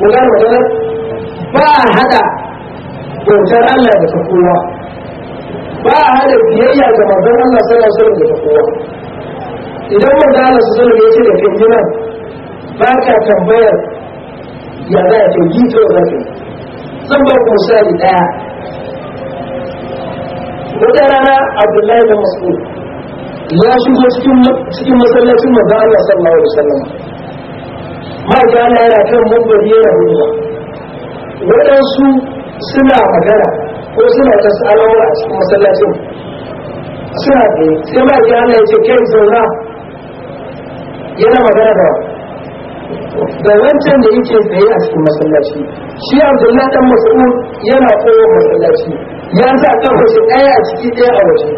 ko gane magana ba hada bautar Allah da ta kowa ba hada biyayya ga manzon Allah sallallahu alaihi wasallam da ta kowa idan manzon Allah sallallahu alaihi wasallam ya ce da kai nan ba ka tambayar ya za ka yi to za ka zan ba ku misali daya wata rana Abdullahi da Mas'ud ya shigo cikin masallacin manzon Allah sallallahu alaihi wasallam ma'aikata Allah yana kan mumbari yana waɗansu suna magana ko suna ta salawar a cikin masallacin suna da sai ma'aikata Allah ya ce kai zauna yana magana da da wancan da yake tsaye a cikin masallaci shi abdullahi dan mas'ud yana koyo masallaci ya sa kafa shi ɗaya a ciki ɗaya a waje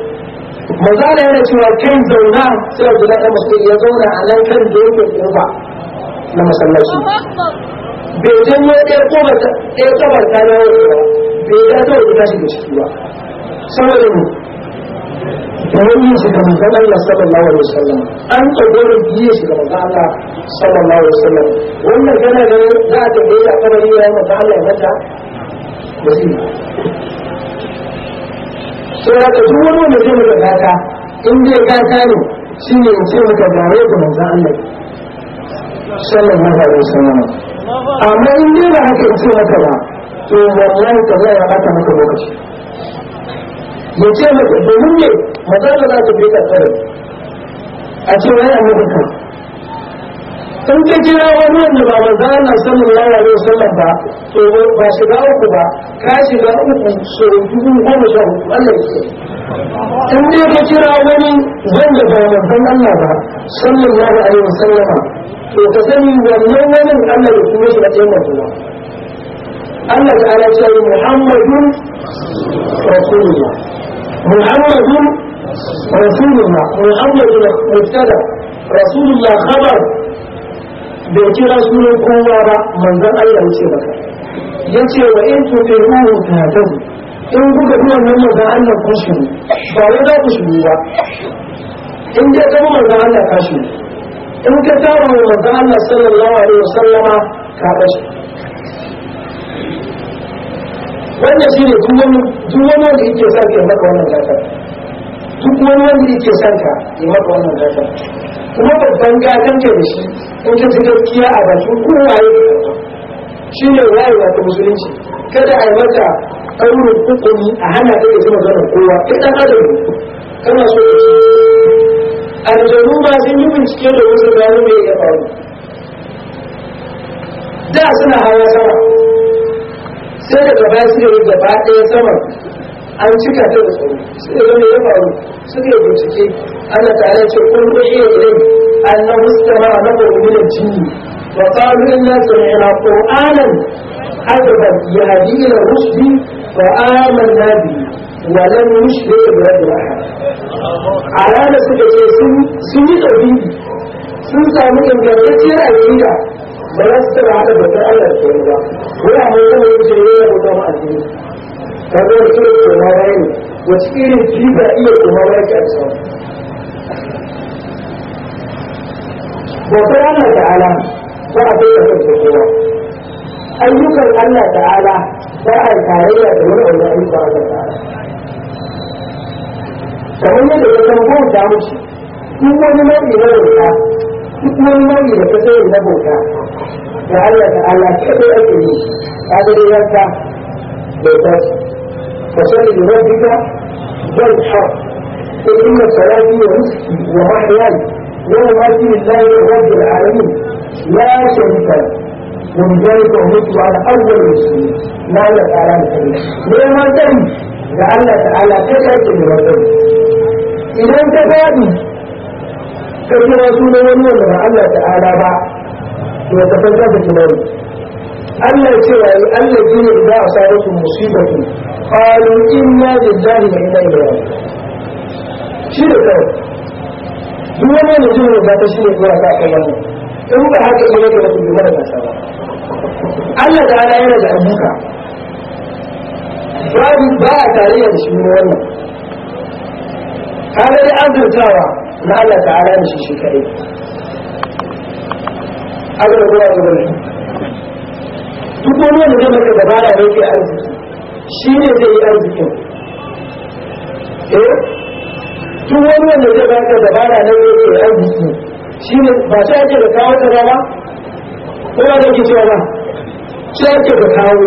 manzo Allah yana cewa kai zauna sai abdullahi dan mas'ud ya zauna a nan kan da yake kofa na masallaci bai janyo ɗaya kofar ɗaya kofar ta na yau ba bai ya zo da tashi da ciki ba saboda ne da wani shi da manzon Allah sallallahu alaihi wasallam an tsogoro biye shi da manzon Allah sallallahu alaihi wasallam wannan kana da za ta bai a kabari ya manzon Allah ya mata ba zai sai da duk wani wanda zai mata gata in dai gata ne shine in ce maka gare da manzon Allah sallallahu alaihi wasallam amma in dai ba haka yace maka ba to wallahi ka ga ya bata maka lokaci yace maka domin ne maza da za ta bi ta tsare a ce wai annabi ka sun ka kira wani wanda ba manzo Allah sallallahu alaihi wasallam ba to ba shiga uku ba ka shiga uku so dubu goma sha uku Allah ya in ne ka kira wani wanda ba manzon Allah ba sallallahu alaihi wasallam to ka sani wannan wani Allah ya kuma shi a taimakawa Allah ta'ala ya ce Muhammadun rasulullah Muhammadun rasulullah Muhammadun mubtada rasulullah khabar bai kira sunan kowa ba manzan Allah ya ce ba. ya ce wa in tuqiruhu tahtadu in kuka bi wannan manzon Allah ku shiru ba wai za ku shi ba in dai ka bi manzon Allah ka shiru in ka tara wa manzon Allah sallallahu alaihi wasallama ka bace wannan shine shi ne duk wani wanda yake sa ke maka wannan gata duk wani wanda yake son ka ya maka wannan gata kuma babban gasar ka da shi in ka ji gaskiya a bakin kowaye da yawa shi ne wayewa ta musulunci kada a yi maka ɗaurin hukumi a hana ka da zama zanen kowa kai ɗan adam kana so da shi aljanu ba sun yi bincike da wasu gano mai ya faru da suna hawa sama sai daga baya da yi gaba ɗaya sama an cika ta da tsoro suka zama ya faru suka yi bincike ana tare ce kun rufe ilai an na muskara na ƙwarƙunan jini wa ƙaru na tsanira ƙoranan hadaban ya hadina wa aman na wa lam yushrik da rabbil ahad alama suka ce sun yi ɗabi sun samu ingantacciyar aƙida ba za su taɓa haɗa bautar Allah da ba wani amma yana yin jere da bautar ka zo da koma ne irin iya koma ke bautar Allah ta'ala ba a bai da kan kowa ayyukan Allah ta'ala ba a tarayya da wani aure ayyukan Allah ta'ala kamar yadda ya san bauta mushi duk wani nau'i na bauta duk wani nau'i da ta sayi na bauta da Allah ta'ala kaɗai ake yi ta gari bauta فصل لربك والحق قل إن صلاتي ورزقي ومحياي ومماتي لله رب العالمين لا شريك له ومن ذلك أمرت على أول المسلمين ما لا تعالى الكريم لما تم لأن تعالى كشف لربك إذا أنت فاضي كثير رسول الله تعالى بعد وتفلسف الجمال Allah ya ce wa yi Allah ji ne idan a sarrafin musibatu qalu inna lillahi wa inna ilaihi shi da kawai duk wani ne jin da ta shi ne kuma ta kai wannan in ba haka ne ne da kuma da kansa ba Allah da Allah yana da abuka babu ba a tarayya da shi ne wannan kaga dai azurtawa na Allah ta'ala da shi shi kadai azurtawa da duk wani wanda zai maka dabara ya ke arziki shi ne zai yi arzikin eh duk wani wanda zai maka dabara na ya ke arziki shi ne ba shi ake da kawo ta ba ko ba da ke cewa ba shi ake da kawo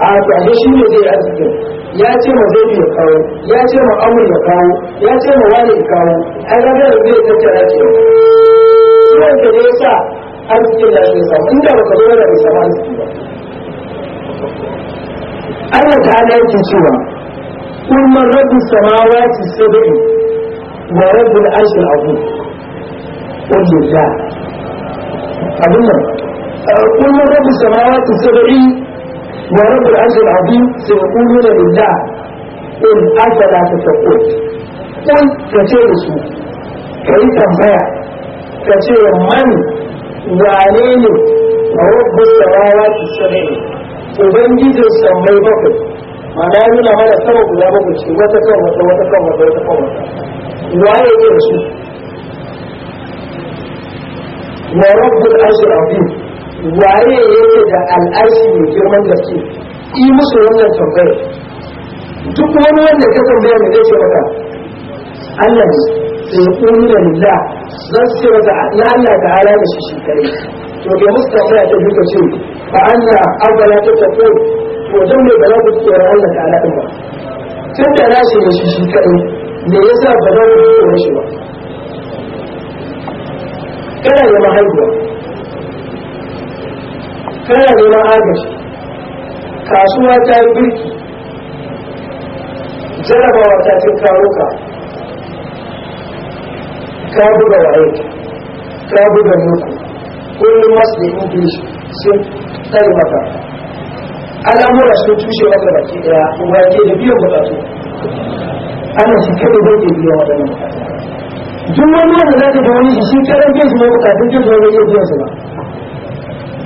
a kwashe shi ne zai yi arzikin ya ce ma zai ya kawo ya ce ma amur ya kawo ya ce ma wani ya kawo ai ragar da zai tattara ce. Suwanka ne ya sa أنا تعالى تشوى قلنا رب السماوات السبع ورب العرش العظيم قل لله أبنى قلنا رب السماوات السبع ورب العرش العظيم سيقولون لله قل أفلا تتقون قل كتير اسمه كيف أنفع كتير من wane ne a wabba sarawa ki sarai ubangijin sammai bakwai mana nuna mana sama guda ba ce wata kan wata wata kan wata wata kan wata waye ne su wa rabbul ashir azim waye yake da al'ashi mai girman gaske yi musu wannan tambayar duk wani wanda ka tambaya ne zai ce maka Allah ne sayquluna lillah zan ce wa ya Allah da ala da shi shi kare to bai musta sai ta duka ce fa anna awwala ta taqul to dan ne da za ku tsora da ala din ba tun da na shi shi shi kare me yasa ba za ku tsora shi ba kana da mahaifiya kana neman agaji kasuwa ta yi birki jarabawa ta cin karuka ka buga waye ka buga muku kullum masu da english sun tare maka al'amura sun tushe maka baki daya uba ke da biyan bukatu ana shi kada bai da biyan waɗannan bukatu duk wani wanda za ta ga wani shi shi karan biyan su ne bukatun jin zuwa iya biyan su ba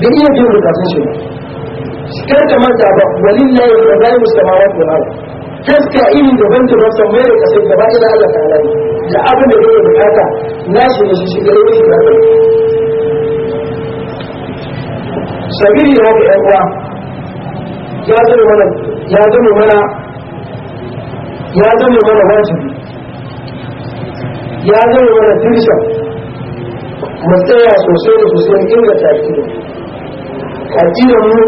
da iya biyan bukatun shi ba shi kar ka manta ba walin na yi da zalimus samawat wal taska iri daban daban san mai da kasar gaba ɗaya Allah ta halaye da abin da yake bukata na shi ne shi shi gare shi da kai sabiri da haka yan uwa ya zama mana ya zama mana ya zama mana wajibi ya zama mana dirsha mu tsaya sosai da sosai inganta aƙida aƙidar mu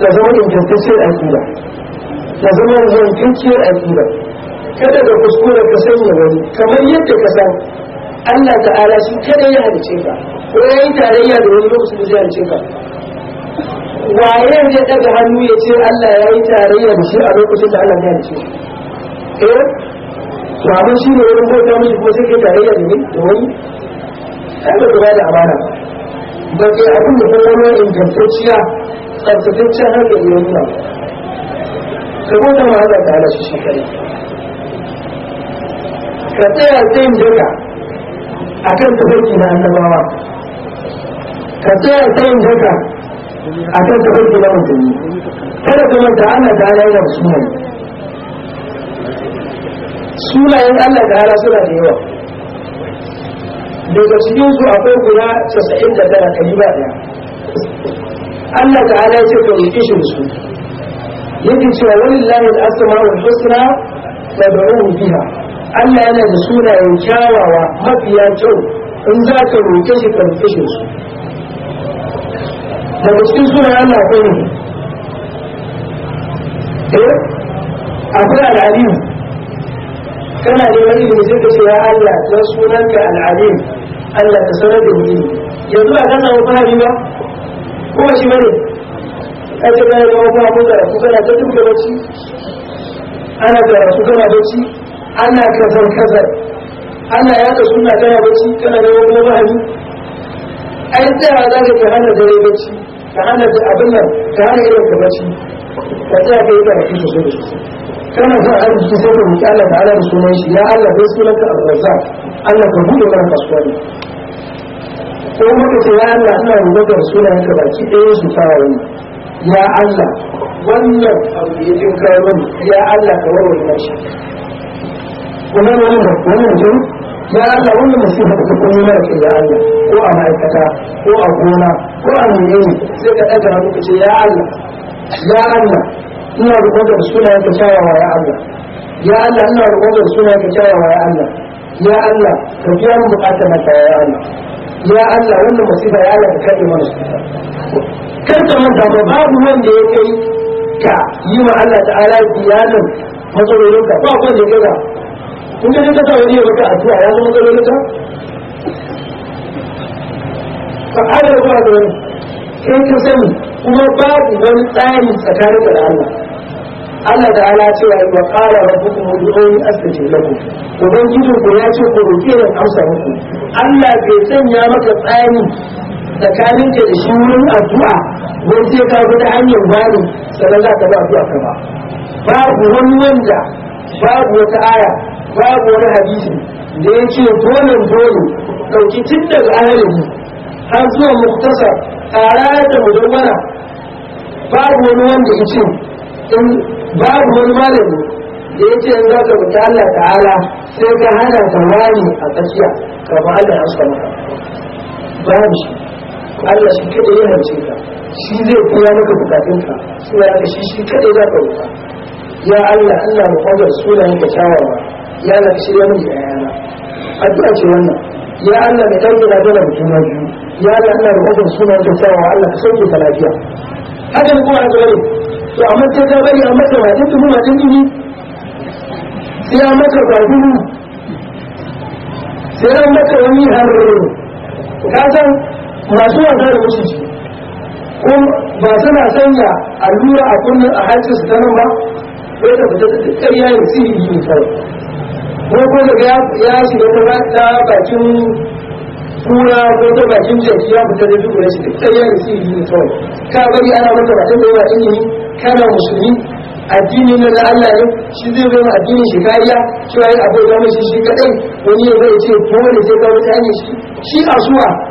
ta zama ingantaccen aƙida ya zama yankankiyar aƙida kada ka kuskure ka sanya wani kamar yadda ka san Allah ta'ala shi kada ya halice ka ko ya yi tarayya da wani lokacin da zai halice ka waye zai daga hannu ya ce Allah ya yi tarayya da shi a lokacin da Allah ya halice eh ba mun shi ne wurin bauta miji ko sai kai tarayya da ni da wani kada ku da amana ba kai abin da kuma wani ingantacciya tsaftataccen hankali ya nuna ka gode ma Allah ta'ala shi shi kai ka tsaya tsayin daga akan tafarki na annabawa ka tsaya tsayin daga akan tafarki na musulmi kada ka manta Allah ta'ala yana musulmi sunayen Allah ta'ala suna da yawa daga cikin su akwai guda 99 kalima daya Allah ta'ala ya ce ka roƙi shi su يجب سؤال الله الأسماء الحسنى تدعوه بها ألا أنا بسونا يجاوى وما فيها جو إن ذاك المكشف الفشل ما بسكسونا أنا أقوله إيه؟ أقول العليم كما لولي من ذلك يا الله تسولك العليم ألا تسولك الدين يدوى كذا وطهر يوم هو شمالي kai ka gane kuma kuma mun karatu kana ta da bacci ana karatu kana bacci ana kazar kazar ana ya yaka suna kana bacci kana da wani mahani ai tsaya za ka ka hana dare bacci ka hana abin nan ka hana irin ka bacci ka tsaya ka yi karatu sosai da sosai kana son arziki sai ka roƙi Allah ta'ala da sunan shi ya Allah dai sunan ka arzaza Allah ka buɗe mana kasuwa ne ko muka ce ya Allah ina roƙon da sunan ka baki ɗaya su fara wani يا الله والنب أو يجيك من يا الله تورو المشي ومن ومن ومن جم يا الله ومن مسيح تكون ملك يا الله هو أمريكا هو أبونا هو أمين زيك أجر أبوك يا الله يا الله إنا رقود رسولة يتشاوى يا الله يا الله إنا رقود رسولة يتشاوى يا الله يا الله تجيان مقاتمة يا الله يا الله ومن مسيح يا الله تكون ملك يا الله kar ka manta ba babu wanda ya kai ka yi wa Allah ta'ala biyanin matsalolin ka ba wanda ya kai kun ga ka sa wani ya maka addu'a ya zama matsalolin ka ba a da ba da wani kai ka sani kuma babu wani tsari tsakanin da Allah Allah ta'ala cewa wa qala rabbukum ud'uni astajib lakum ubangijinku ya ce ku roƙe ni amsa muku Allah bai sanya maka tsari tsakanin ka da shi wurin addu'a wai sai ka bi ta hanyar wani sannan za ka ba addu'a ka ba babu wani wanda babu wata aya babu wani hadisi da ya ce dole dole ɗauki tun daga ahalin har zuwa muktasa tara da mudawwara babu wani wanda ya ce in babu wani malami da ya ce in za ka buta Allah ta'ala sai ka hana ta wani a tsakiya ka ba Allah ya maka babu shi Allah shi kaɗai ya hance ka shi zai koya maka ka suna ka shi shi kaɗai za ka roƙa ya Allah Allah mu suna sunayen ka kyawawa ya Allah ka shirya mini da addu'a ce wannan ya Allah mai ɗauke na dole mutum na biyu ya Allah Allah mu kwabar sunayen ka kyawawa Allah ka sauke ta lafiya haka ne kuma a gare to amma ta ta bari a mata wajen dubu wajen dubu sai a mata gwagudu sai an mata wani hararo ka san masu wasa da wuce ciki ko ba suna sanya allura a kunnen a hancin su ta ba Wai ta fita da ƙarya da sihiri ne kawai ko ko daga ya shiga ta ta bakin kura ko ta bakin jaki ya fita da duk shi da ƙarya da sihiri ne kawai ka bari ana mata bakin da yawa ilimi kana musulmi addini na da Allah ne shi zai zama addinin shi kariya shi wani abu da mashi shi kadai wani ya zai ce dole sai ka wuta ne shi shi asuwa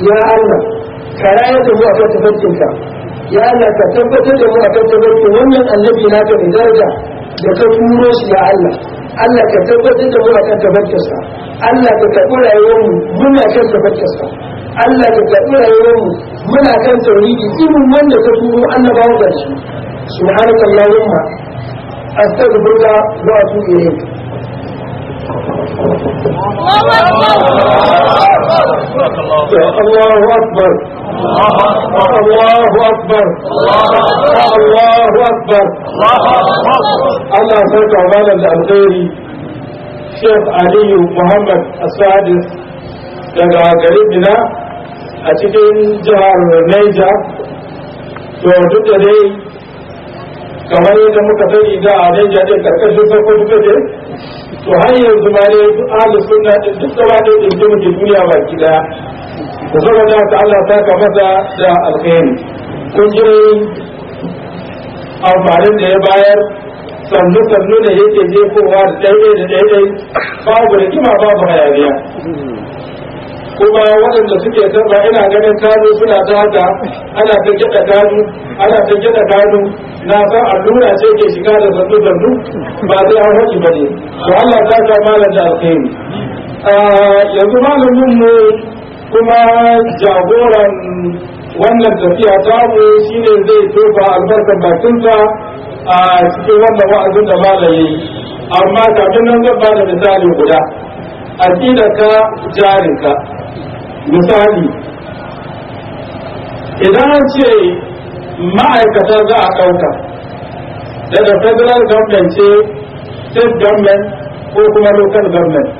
ya Allah ka rayar da mu a kan tafarkinka ya Allah ka tabbatar da mu a kan tafarkin wannan annabi naka mai daraja da ka turo shi ya Allah Allah ka tabbatar da mu a kan tafarkinsa Allah ka karɓi rayuwar mu muna kan tafarkinsa Allah ka karɓi rayuwar mu muna kan tauridi irin wanda ka turo annabawa da shi subhanakallahumma astaghfiruka wa atubu ilayk الله أكبر الله أكبر الله أكبر الله سيد عمالا الألغيري شيخ علي محمد السادس daga garibina a cikin jihar neja to duk da dai kamar yadda muka sani da a Niger din karkashin sokoto ne to har yanzu ma ne duk ahli sunna din duk gaba da yake muke duniya baki daya to saboda haka Allah ta ka masa da alkhairi kun ji amfanin da ya bayar sannu sannu da yake jefowa da daidai da daidai babu da kima babu hayaniya kuma waɗanda suke sarra ina ganin kanu suna ta haka ana ta gyaɗa kanu ana ta na san allura ce ke shiga da zandu zandu ba zai an haƙi ba ne to Allah ta ta malam da alkhairi yanzu malamin mu kuma jagoran wannan tafiya ta mu shine zai tofa albarkar bakinsa a cikin wannan wa'azin da malayi amma kafin nan zan ba da misali guda aƙidaka jarinka misali idan an ce ma'aikata za a ɗauka daga federal government ce state government ko kuma local government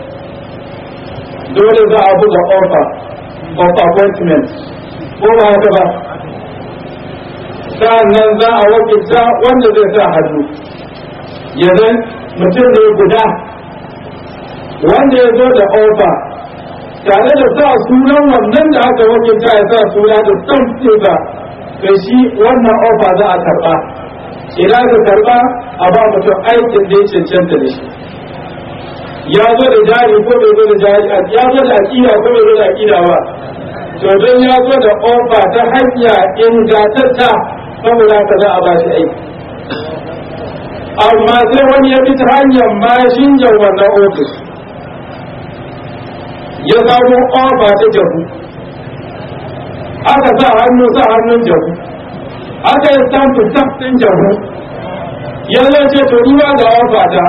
dole za a buga offer of appointment ko ba haka ba nan za a wakilta wanda zai sa hannu yanzu mutum ne guda wanda ya zo da ofa tare da sa sunan wannan da aka wakilta ya sa suna da son ba da shi wannan ofa za a karba idan ka karba a ba mutum aikin da ya cancanta da shi ya zo da jari ko bai zo da jari ya zo da aƙida ko bai zo da aƙida ba to don ya zo da ofa ta hanya in ingantatta saboda ka za a ba shi aiki amma sai wani ya bi ta hanyar mashin jawar na ofis ya samu ƙofa ta jabu aka sa hannu sa hannun jabu aka yi samun tafsin jabu ya ce to ruwa da ƙofa ta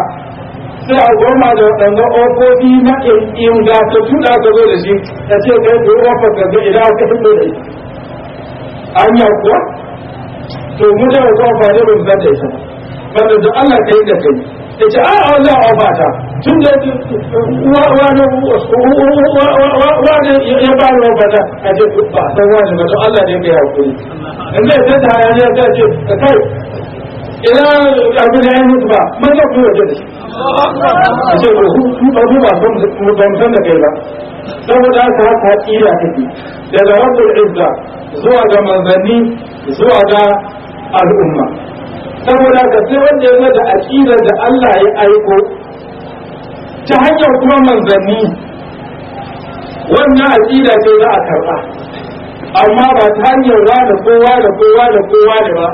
sai a goma da waɗanda ƙofofi na ingantattu da aka zo da shi ta ce kai ko ƙofa ka ga idan aka fi da ita an yi kuwa to mu da ƙofa ne ba mu zata ita ba da Allah ka yi da kai ta ce a a ƙofa ta tun da wani ya ba wani wabata a ce ba san wani ba Allah ne kai hakuri in zai ta ta yana ta ce ka kai ina abin ya yi mutu ba man ta kuma ta shi a ce ba su ba su ba ban san da kai ba saboda ta haka tsira take daga rabbul izza zuwa ga manzanni zuwa ga al'umma saboda ka sai wanda ya da aqidar da Allah ya aiko ta hanyar kuma manzanni wannan aƙida ce za a karɓa amma ba ta hanyar rana kowa da kowa da kowa ne ba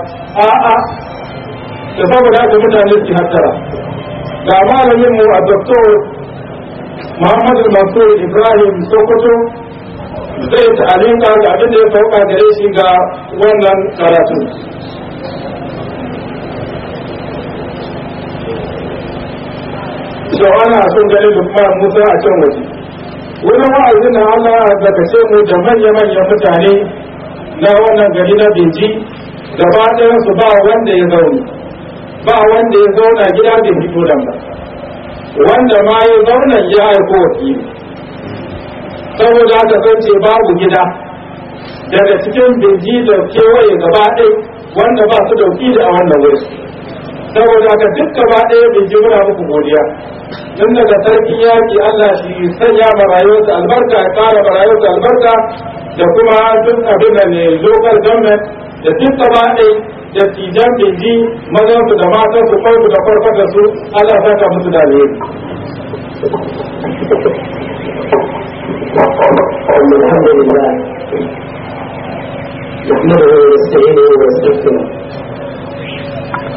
a'a da saboda haka mutane su hattara ga malamin mu a doktor muhammadu masu ibrahim sokoto zai ta'alinka ga abin da ya sauka gare shi ga wannan karatu cewa ana son ganin lukman musa a can waje wani wa'azi na allah ce mu da manya manya mutane na wannan gari na beji gaba su ba wanda ya zaune ba wanda ya zauna gida da fito da ba wanda ma ya zauna ya aiko wakili saboda ka san ce babu gida daga cikin beji da kewaye gaba ɗaya wanda ba su da a wannan wuri saboda ka duk gaba ɗaya mai ji muna muku godiya tun daga sarkin yaƙi Allah shi sanya marayuwarsa albarka ya ƙara marayuwarsa albarka da kuma duk abin da ne local government da duk gaba ɗaya da tijan bindi mazansu da matansu farko da farfata su Allah saka musu da alheri. الحمد لله نحمده ونستعينه ونستغفره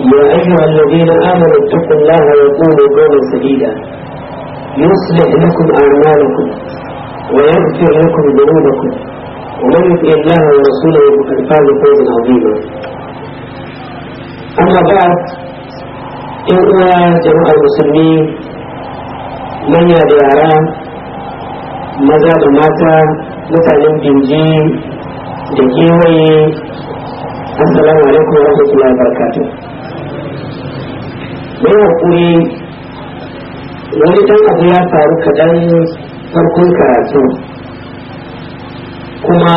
يا أيها الذين آمنوا اتقوا الله وقولوا قولا سديدا يصلح لكم أعمالكم ويغفر لكم ذنوبكم ومن يطع الله ورسوله فقد فاز فوزا عظيما أما بعد إخوة جماعة المسلمين من يا ديارام maza da mata mutanen binji da السلام عليكم ورحمة الله وبركاته Mai hakuri wani dan abu ya faru kaɗan farkon karatu kuma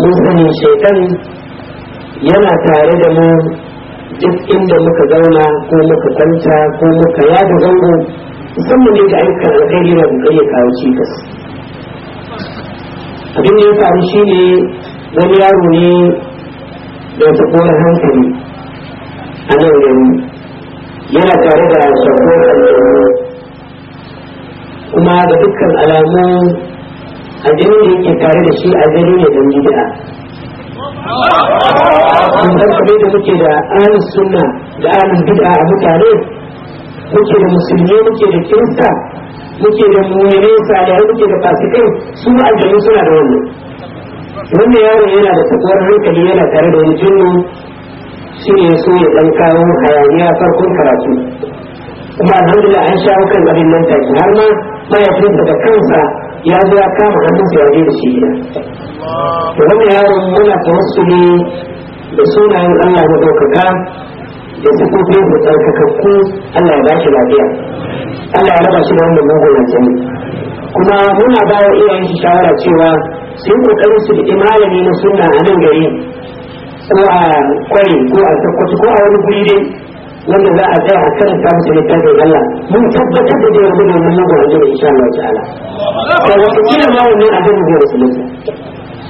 mun sani shaitan yana tare da mu duk inda muka zauna ko muka kwanta ko muka yada zango musamman ne ga ayyukan alkhairi da kokari ya kawo cikas abin da ya faru shine wani yaro ne da ta hankali a nan gari yana tare da shakkun aljanu kuma da dukkan alamu a jini da yake tare da shi a ne don gida kun san da muke da ahlus sunna da ahlul bid'a a mutane muke da musulmi muke da kirista muke da mummune salihai muke da fasikai su aljanu suna da wannan wannan yaro yana da takwar hankali yana tare da wani jinnu shi ne so ya dan kawo hayaniya farkon karatu kuma alhamdulillah an shawo kan abin nan take har ma mahaifin daga kansa ya zo ya kama hannun sa ya da shi gida to wannan yaron muna tawassuli da sunayen Allah na daukaka da sifofin da tsarkakakku Allah ya ba shi lafiya Allah ya raba shi da wannan magoyancin kuma muna bayar iyayen shi shawara cewa su yi ƙoƙarin su bi malami na sunna a nan gari ko a kwari ko a sakwaci ko a wani guri dai wanda za a tsaya a karanta musu littafin Allah mun tabbatar da jiyar gudun nan nan gwaje da insha Allah ta'ala ta wata kila ma wannan abin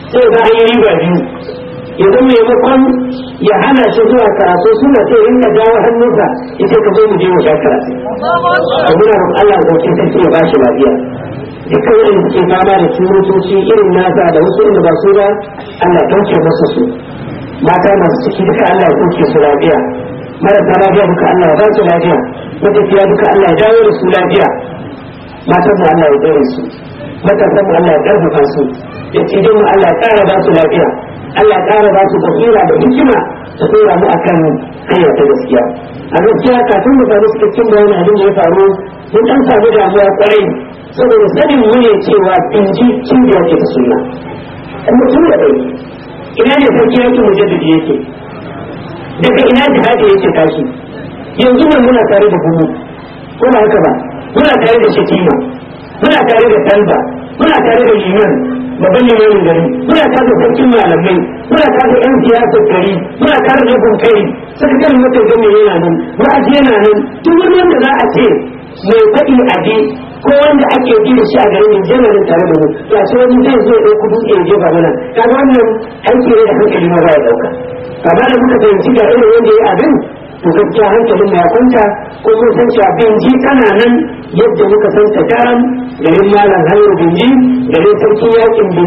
sai za a yi riba biyu ya zama maimakon ya hana shi zuwa karatu suna sai rinka jawo hannunsa ita kama ka zo mu je mu karatu a muna Allah ɗauki sarki ya ba shi lafiya dukkan wanda suke fama da ciwotoci irin nasa da wasu inda ba su ba Allah ɗauke masa su mata masu ciki duka Allah ya ɗauke su lafiya marasa lafiya duka Allah ya ba su lafiya matafiya duka Allah ya dawo da su lafiya mata mu Allah ya tsare su mata mu Allah ya ƙarfafa su da ci mu Allah ya kara ba su lafiya Allah ya kara ba su basira da hikima ta tsora mu akan hanya ta gaskiya a gaskiya kafin mu samu cikakken bayanin abin da ya faru mun dan samu damuwa kwarai saboda sanin mu ne cewa in ji cibiyar ke ta suna mutum da ɗauki ina ne sarki yake da yake daga ina jihadi yake tashi yanzu ne muna tare da gumu ko ba haka ba muna tare da shatima muna tare da talba muna tare da liman babban limanin gari muna tare da sarkin malamai muna tare da yan siyasar gari muna tare da yankun kai sakatar mutum gami yana nan ma'aji yana nan duk wani wanda za a ce mai faɗi a ko wanda ake ji da shi a garin mu jama'a tare da mu ya ce wani zai zo ya kudu ya je ba mana kaga wannan aiki ne da hankali ma ba ya dauka kamar da muka fahimci ga irin wanda ya yi abin to gaskiya hankalin ya kwanta ko mun san cewa binji tana nan yadda muka san ta karam garin malam hayar benji garin sarki yakin da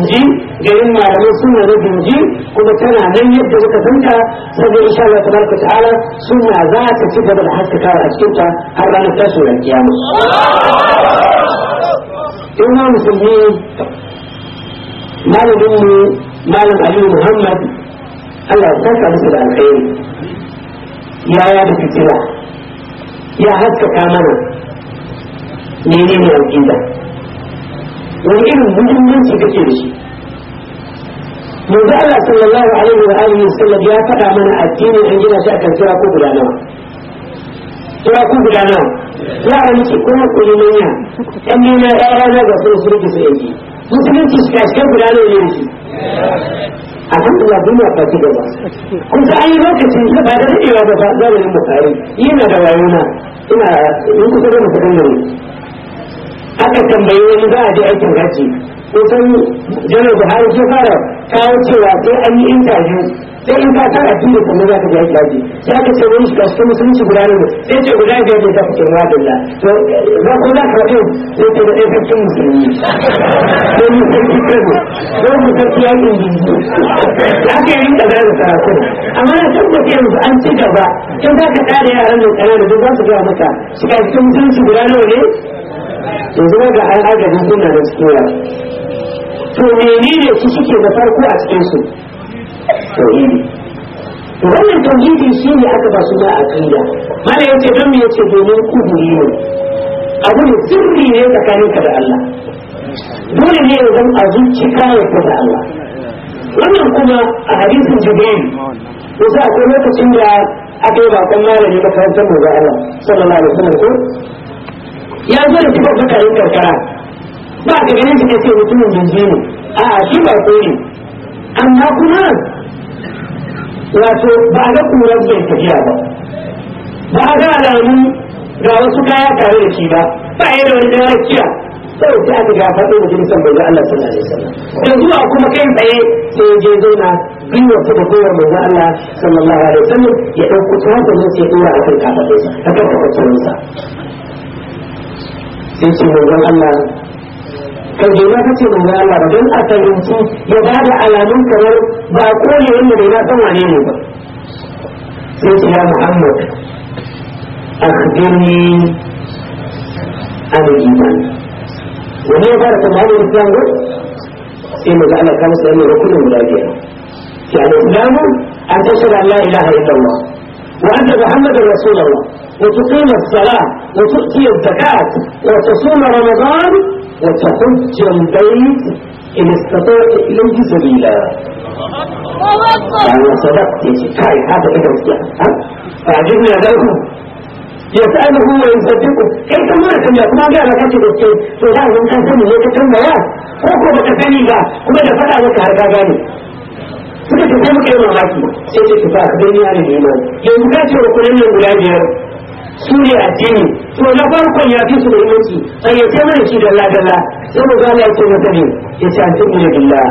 garin malamai suna na binji kuma tana nan yadda muka san ta saboda insha Allah tabaraka ta'ala suna za ta ci gaba da haskaka a cikin ta har ranar tashin alkiyama in ma musulmi malamin mu malam aliyu muhammad Allah ya saka musu da alkhairi yaya da fitila ya haskaka mana mene ne aƙida wani irin muhimmanci kake da shi manzo Allah sallallahu alaihi wa alihi wasallam ya faɗa mana addinin an gina shi akan kira ko guda nawa kira ko guda nawa yara nake kuma kuri manya ɗan nuna ɗaya na ga sun surki su yanki musulunci shi ka shi guda nawa ne da shi alhamdulillah duniya ta ci gaba kun ga ai lokacin ka ba da dadewa da zamanin bukari yana da wayona ina in kusa da mutum ne aka tambayi wani za a je aikin gaji kusan janar har ke fara kawo cewa sai an yi interview sai in ka tara dole sannan za ka ga yaki daji sai ka ce wani shiga cikin musulunci guda ne sai ce guda biyar ne ta fi dalla to ba ko za ka wajen sai ce da ɗaya sarkin musulmi ko mu sarki kano ko mu sarki yakin jinji da aka yi rinka gane karatu amma na tabbata yanzu an ci gaba in za ka tara yaran nan ƙanana duk za su gaya maka shiga cikin musulunci guda nawa ne yanzu ga an agajin suna da cikin yara to menene su suke da farko a cikin su wannan tauhidi shi ne aka ba su a aqida mana yace don me yace domin kuduri ne abu ne sirri ne ka da Allah dole ne ya zama a zuciya ya da Allah wannan kuma a hadisin jibril yasa akwai lokacin da aka yi bakon malami makarantar mu ga Allah sallallahu alaihi wasallam ya zo da kuma karin karkara ba ka ganin shi mutumin jinji ne a'a shi ba ko ne amma kuma wato ba a ga kurar zai tafiya ba ba a ga alamu ga wasu kaya tare da shi ba ba yi da wani dawar kiya sai ta aka ga faɗo da jinsan bai Allah sallallahu alaihi wasallam da zuwa kuma kai tsaye sai je zauna gwiwar ta gwiwar manzo Allah sallallahu alaihi wasallam ya ɗauko tsohon da sai ɗora a kan kafaɗinsa a kan kafaɗinsa sai ce manzon Allah kai domin kace manzo Allah ba don a fahimci ya ba da alamun kamar ba ko ne wanda bai na san wane ne ba sai ce ya Muhammad akhbirni an iman wani ya fara tambayar Islam ne sai manzo Allah ka masa ne rukunin guda biyar ya Islam an tashhadu an la ilaha illallah wa anna muhammadar rasulullah وتقيم الصلاة وتؤتي الزكاة وتصوم رمضان وتحجم بيت إن استطعت إليه سبيلا يعني صدقت كاي هذا إذا وجهه فعجبني أدعوه يسأله ويصدقه كيف تمرك يا كما قال لك أنت بسكي فلا أن كان سمي لك كم يا فوق بتفاني لا كما دفع لك هذا قالي suka tafi يا مرحبا سيجي sai ce ki fa ka gani ya ne neman su ne addini to na farkon ya fi su da imanci an yi ta mana shi da ladala sai mu gane ya ce masa ne ya ce an tabbata billah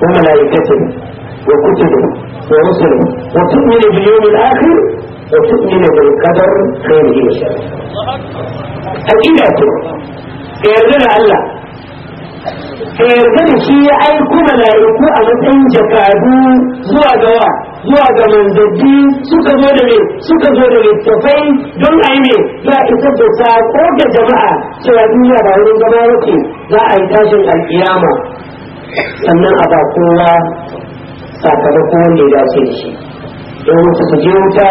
wa malaikatihi wa kutubi wa rusuli wa tu'minu bil yawmil akhir wa tu'minu bil qadar khairihi wa sharrihi aqida ce ka yarda da Allah ka yarda da shi ya aiko mala'iku a matsayin jakadu zuwa ga wa zuwa ga manzanni suka zo da suka zo da littafai don a yi za a isar da ko da jama'a cewa duniya ba wurin zama yake za a yi tashin alkiyama sannan a bakowa kowa sakamako wanda ya dace da shi in wuta su je wuta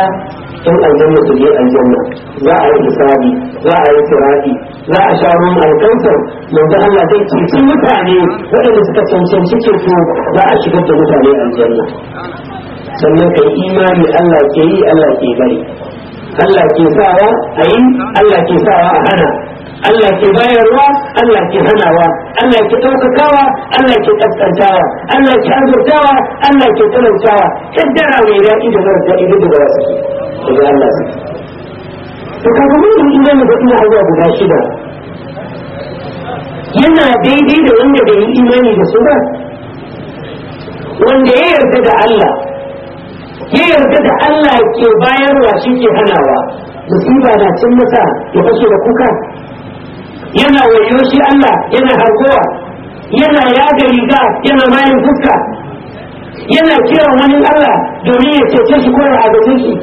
don aljanna su je aljanna za a yi hisabi za a yi sirati za a sha ruwan alkansar yanzu Allah zai cikin mutane waɗanda suka cancanci ceto za a shigar da mutane aljanna sannan yi imani Allah ke yi Allah ke bari Allah ke sawa a yi Allah ke sawa a hana Allah ke bayarwa Allah ke hanawa Allah ke ɗaukakawa Allah ke ƙasƙantawa Allah ke azurtawa Allah ke talantawa kaddara mai daɗi da mara daɗi da ba su daga Allah su to kaga mun imani da ina zuwa guda shida yana daidai da wanda bai yi imani da su ba wanda ya yarda da Allah ya yarda da Allah ke bayarwa shi ke hanawa musiba na cin masa ya fashe da kuka yana wayo shi Allah yana hargowa yana yaga riga yana mayin fuska yana kiran wani Allah domin ya cece shi ko a gaban shi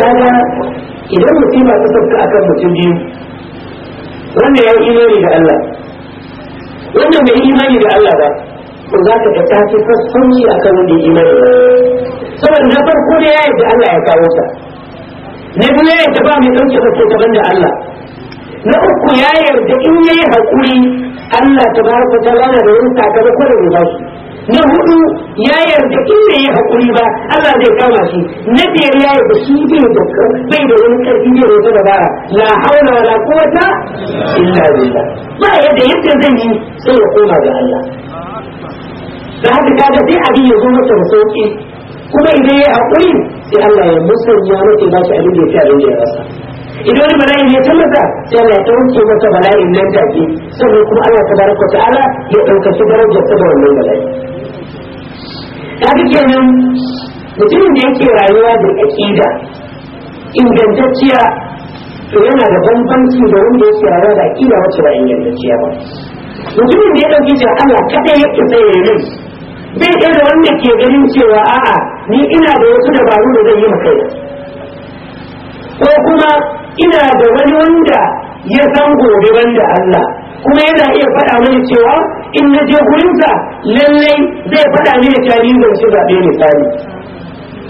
kaga idan musiba ta sauka akan mutum biyu wanda ya yi imani da Allah wanda bai imani da Allah ba to za ka ta ce sassauci a kan wanda imani ba saboda na farko da ya yadda Allah ya kawo ta na biyu ya yadda ba mai ɗauke ke da Allah na uku ya yarda in ya yi haƙuri Allah ta baraka ta lana da wani sakamako da ba su na hudu ya yarda in bai yi haƙuri ba Allah zai kama shi na biyar ya yarda shi bai da bai da wani karfi bai da wata dabara la haula wala quwwata illa billah ba yadda yadda zan yi sai ya koma ga Allah da haka ga sai abin ya zo masa da sauki kuma idan ya haƙuri sai Allah ya musanya mace ba shi abin da ya fi abin ya rasa idan wani bala'in ya tabbata sai Allah ya ɗauke masa bala'in nan take sannan kuma Allah tabaraka ta'ala ya ɗaukaki darajar ta da wannan bala'in ga kenan mutumin da yake rayuwa da aƙida ingantacciya to yana da bambanci da wanda yake rayuwa da aƙida wacce ba ingantacciya ba mutumin da ya ɗauki cewa Allah kaɗai yake tsaye ne bin irin wanda ke ganin cewa a'a ni ina da wasu dabaru da zai yi maka yi ko kuma ina da wani wanda ya san gobe wanda Allah kuma yana iya faɗa min cewa in na je gurinsa lallai zai faɗa ni da tari zan ci zaɓe tsari.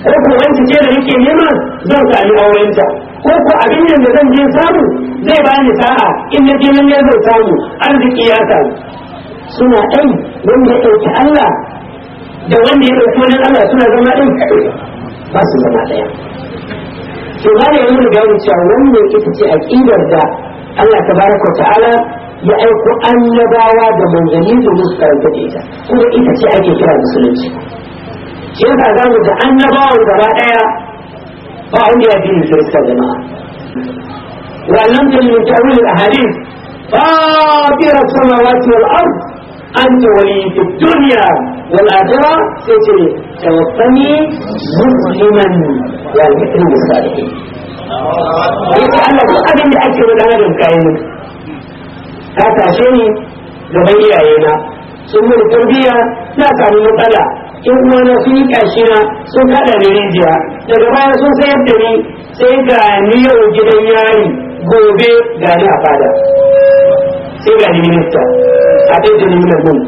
ko ko wanda ce da nake nema zan sami aurenta ko ko abin da zan je samu zai bani sa'a in na je nan zan samu arziki ya samu suna ɗan wanda ɗauki Allah da wanda ya ɗauki wani Allah suna zama ɗin ba su zama ɗaya to ba da yanzu da yawon cewa wannan ita ce aƙidar da Allah ta baraka ta'ala ya aiko annabawa da manzanni domin su karanta da ita kuma ita ce ake kira musulunci shi yasa za mu ga annabawan gaba ɗaya ba wanda ya biyu kirista jama'a wannan kan yi tawil ahadith فاطر السماوات والارض انت ولي في الدنيا والآخرة سيتري توفني مسلما والمثل الصالحين yake Allah duk abin da ake wa ɗanar kayan mutu ta tashe ni gaban iyayena sun mutu tarbiyya na samu matsala in kuma na sun yi kashina sun kada da rijiya daga baya sun sayar da ni sai ga ni yau gidan yari gobe ga ni a fada sai ga ni minista a ɗaya da ni gun.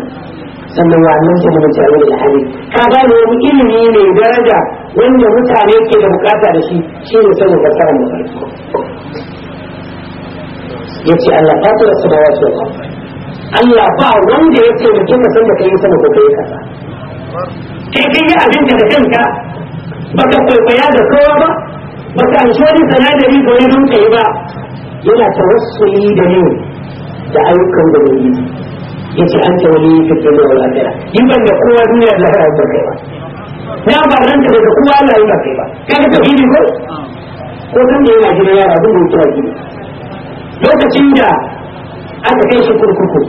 sannan wannan ke mutunci a wani hali ka gane wani ilimi mai daraja wanda mutane ke da bukata da shi shi ne sanin fasarar mafarki ya ce Allah ta tura su da wasu Allah ba wanda ya ce mutum ka san da kai sama ko kai kasa kai kai yi abinka da kanka baka kwaikwaya da kowa ba baka amshi wani sanadari ko yi don kai ba yana tawassuli da ne da ayyukan da ne yi yace an ta wani fi da wani akhirah in ban da kowa duniya da lahira ta kai ba na ba nan da kowa Allah ya kai ba kaga tauhidi ko ko kan da yana gidan yara abin da yake a gida lokacin da aka kai shi kurkuku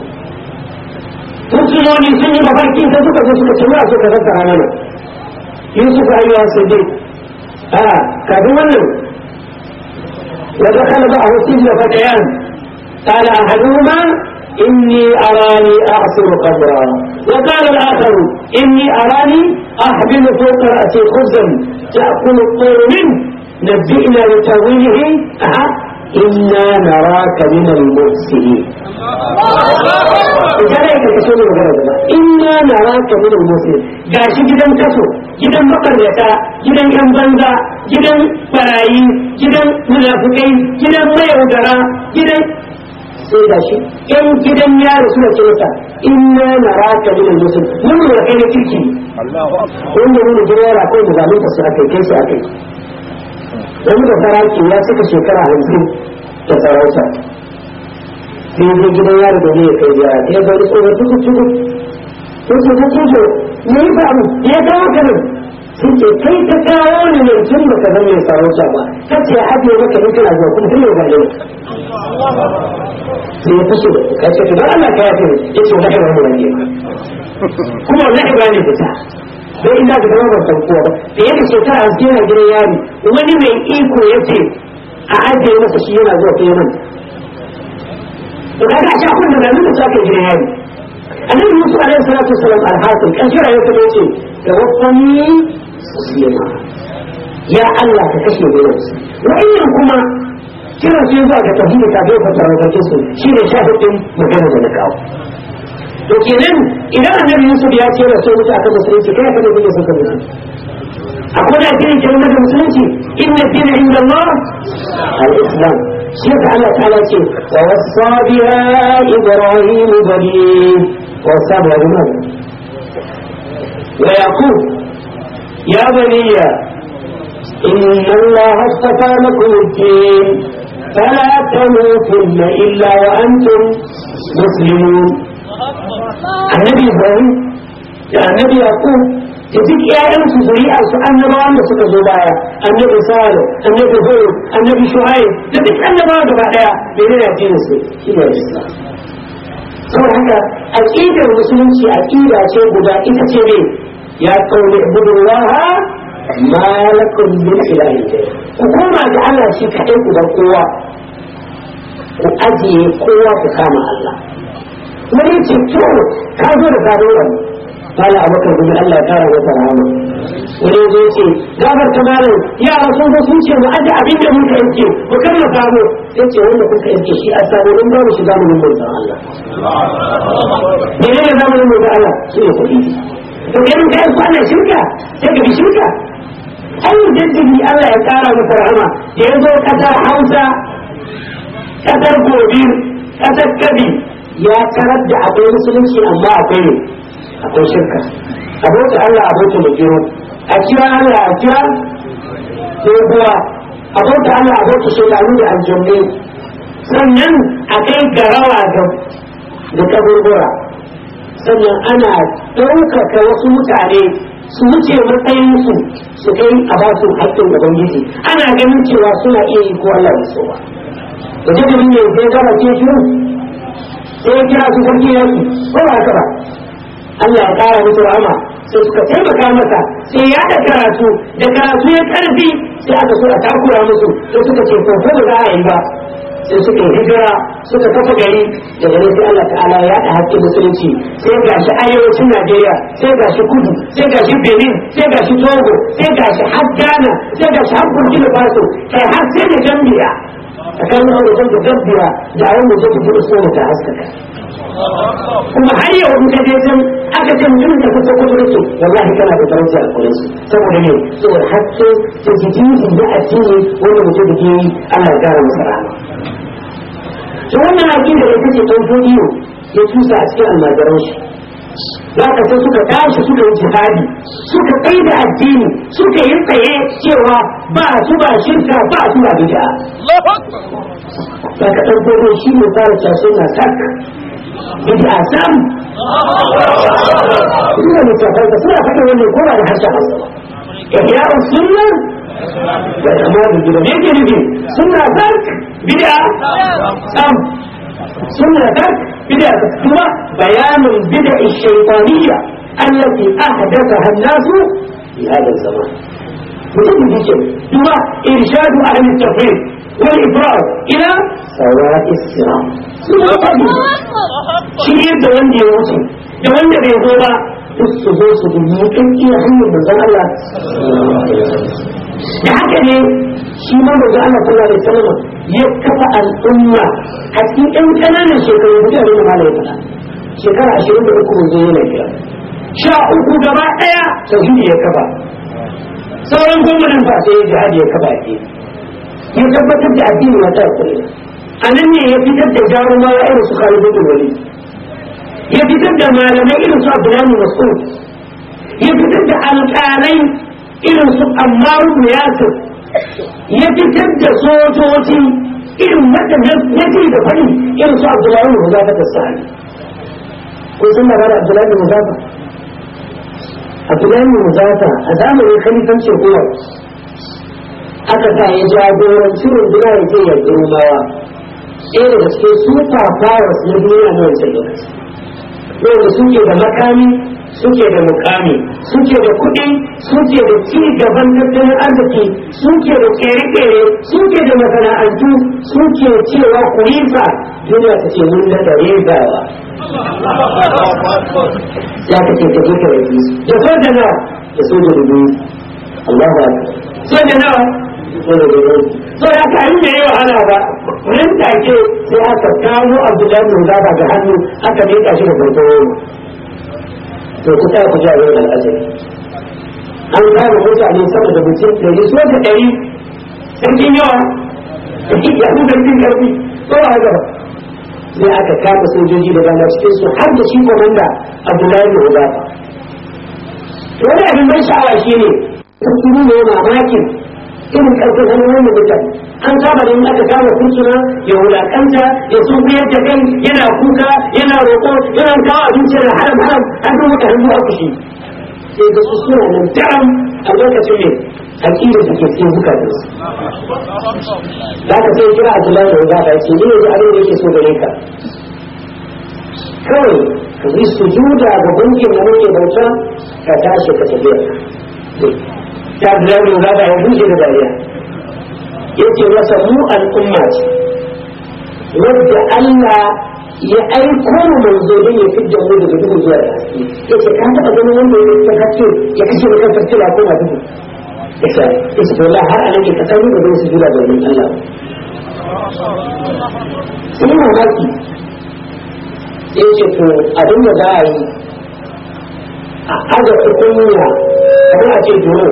musulmoni sun yi mafarki ta suka zo suka ce mura so ah, ka zanta rana yusuf ayyuwa sai dai a kafin wannan wadda kan ba a wasu yi da fata yan قال أحدهما إني أراني أعصر قبرا وقال الآخر إني أراني أحمل فوق رأسي خبزا تأكل الطير منه نبئنا بتأويله أها إنا نراك من المفسدين وكذلك كسول وغيره إنا نراك من المفسدين gashi جدا كسو جدا makaryata gidan yan banza gidan barayi gidan munafukai gidan mayaudara gidan sai ga shi ƴan gidan yaro suna ce masa inna naraka raka al-muslim mun da kai kirki Allahu akbar wanda mun da yara ko da zamu ta sai kai sai kai wani da faraki ya suka shekara 50 da sarauta sai dai gidan yaro da ya kai yara sai ga wani tsohon tuku tuku ko su tuku ne ba mu ya kawo kanin sun ce kai ta kawo ni ne tun ba ka zama sarauta ba ta ce a ajiye maka in kana zuwa kuma hanyar gane sai ya fuso da ka ce ba Allah ka yafe ya ce na ibani wani ne kuma wani na ne da ta don ina ka zama ban san kowa ba da yake shekara a cikin gidan yari wani mai iko ya ce a ajiye masa shi yana zuwa kuma nan ka kaga a sha kun da nan da ta kai gidan yari annabi Musa alaihi salatu wasalam alhasil kan shi rayuwar ta ce tawaffani musulma ya Allah ka kashe gudun wurin wannan kuma kiran su zuwa ga tauhidi ta zai fata rawakin su shi ne shahidin magana da na kawo to kenan idan annabi Yusuf ya ce rasul mutu akan musulunci kai ka dole sun kalle akwai da kiran da musulunci inna dina inda Allah al-islam shi ka Allah ta'ala ce wa wasa biha ibrahim bani wa sabaru ويعقوب يا بني إن الله اصطفى لكم الدين فلا تموتن إلا وأنتم مسلمون النبي هون يا نبي أقول تزيد يا أنس زي أنس أن نبان بس أن نبي صالح أن نبي هود أن نبي شعيب تزيد أن نبان كبايا بين الدين السيد كذا الإسلام kuma haka aƙidar musulunci aƙida ce guda ya kaune ibudullah ma lakum min ku koma ga Allah shi kaɗai ku bar kowa ku ajiye kowa ku kama Allah wani ce to ka zo da gano wani mala abokan gudun Allah ya kara masa rahama wani zo ce gabar ta malam yara sun zo sun ce mu aje abin da muka yanke mu karya sabo sai ce wanda kuka yanke shi a sabo don ba mu shiga mu nuna Allah. Menene zamanin mu da Allah shi ne kuɗi. to ganin kai su ana shirka sai ka bi shirka an jaddadi Allah ya kara maka rahama da ya zo kasar Hausa kasar Gobe kasar Kabi ya tarar da akwai musulunci amma akwai ne akwai shirka abota Allah abota mai jiro a kira Allah a kira doguwa abota Allah abota shekaru da aljannai sannan a kai garawa da kaburbura sannan ana ɗaukaka wasu mutane su wuce matsayinsu su kai a ba su haƙƙin ubangiji ana ganin cewa suna iya yi ko Allah so ba da duk ne da zai gaba ce shi sai ya kira su sarki yaki ko ba ka ba Allah ya ƙara musu rama sai suka taimaka masa sai ya da karatu da karatu ya ƙarfi sai aka so a takura musu sai suka ce ko ba za a yi ba sai suka hijira suka kafa gari daga nan sai Allah ta'ala ya da haƙƙi musulunci sai ga gashi ayyukan Najeriya sai ga shi kudu sai ga shi Benin sai ga shi Togo sai gashi har Ghana sai ga shi har Burkina Faso kai har sai da Gambia kan aure da Gambia da ayyukan da suke da ta haskaka kuma har yau in ka je can aka ce da kusa kusa kusa wallahi kana da daraja a gurin su saboda ne saboda hakkin da jiki in da addini wanda mutum da ke yi ana gara masa to wannan aƙida da kace ta bidiyo ya tusa a cikin almajiran shi za ka sai suka tashi suka yi jihadi suka kai da addini suka yi tsaye cewa ba su ba shirka ba su ba bid'a ba ka ɗan shi ne fara cashe na بدعة سام إلا سنة فكرة من الكورة لحشة حصلة إحياء السنة والأمام الجنة سنة سنة بيان البدع الشيطانية التي أحدثها الناس في هذا الزمان mutum da ke kuma irshadu a hannun tafiyar wani ifrar ina sawa isra su ba faɗi shi yadda wanda ya wuce da wanda bai zo ba duk su su bi mutum iya hanyar da Allah da haka ne shi ma da zan Allah sallallahu alaihi wasallam ya kafa al'umma a cikin ɗan shekaru mutane da malai faɗa shekara ashirin da uku mun zo yana biyar sha uku gaba ɗaya tauhidi ya kafa sauran gwamnan ba sai ya jihadi ya kaba ke ya tabbatar da addini na tsaya kullum a nan ne ya fitar da jarumawa irin su khalid bin wali ya fitar da malamai irin su abdullahi mas'ud ya fitar da alƙalai irin su Ammaru ammar yasir ya fitar da sojoji irin waɗannan yaji da fari irin su abdullahi muzafa da sani kun san magana abdullahi muzafa a filayen muzata a zamanin khalifancin kuma. aka sa ya jagoranci rundunar ya ke yanzu rumawa ɗaya daga cikin super powers na duniya na wancan lokaci wanda suke da makami suke da mukami suke da kuɗi suke da ci gaban tattalin arziki suke da kere-kere suke da masana'antu suke cewa ku yi sa duniya ta ce mun da dare gawa ya kace ta je ka rabi da da nawa da da dubu Allah ba da nawa Da dubu so da aka yi mai wahala ba nan take sai aka kawo Abdullahi Musa ga hannu aka miƙa shi da farko to ku tsaya ku ji abin da al'ajabi an kama mutane sama da mutum da ɗari su wata ɗari sarkin yawa da ya fi ɗarfin ƙarfi ko a gaba sai aka kama sojoji da dama cikin su har da shi komanda abdullahi da hudafa wani abin ban sha'awa shi ne ta ne mamakin irin ƙarfin hannuwan da mutane an saba da in aka kama kursuna ya wulakanta ya sunkuyar da kai yana kuka yana roƙo yana kawo abinci da haram haram an kuma ka hannu a kushi sai ga su suna nan daram a lokacin ne aƙidar da ke cikin zukatun su za ka sai kira a tulan da wuzata ce ne yanzu abin da yake so gare ka kawai ka yi sujuda ga bankin da muke bauta ka tashi ka tafiya ta tulan da wuzata ya bushe da dariya yake masa mu al'umma ce wadda Allah ya aiko mu manzo don ya fidda mu daga duhu zuwa da haske yace ka taɓa ganin wanda ya ta haske ya kashe da kan fitila ko na duhu yace yace to Allah har alake ka tsani da wasu jira da Allah sai mamaki yace to abin da za a yi a aza tukunya kamar a ce duro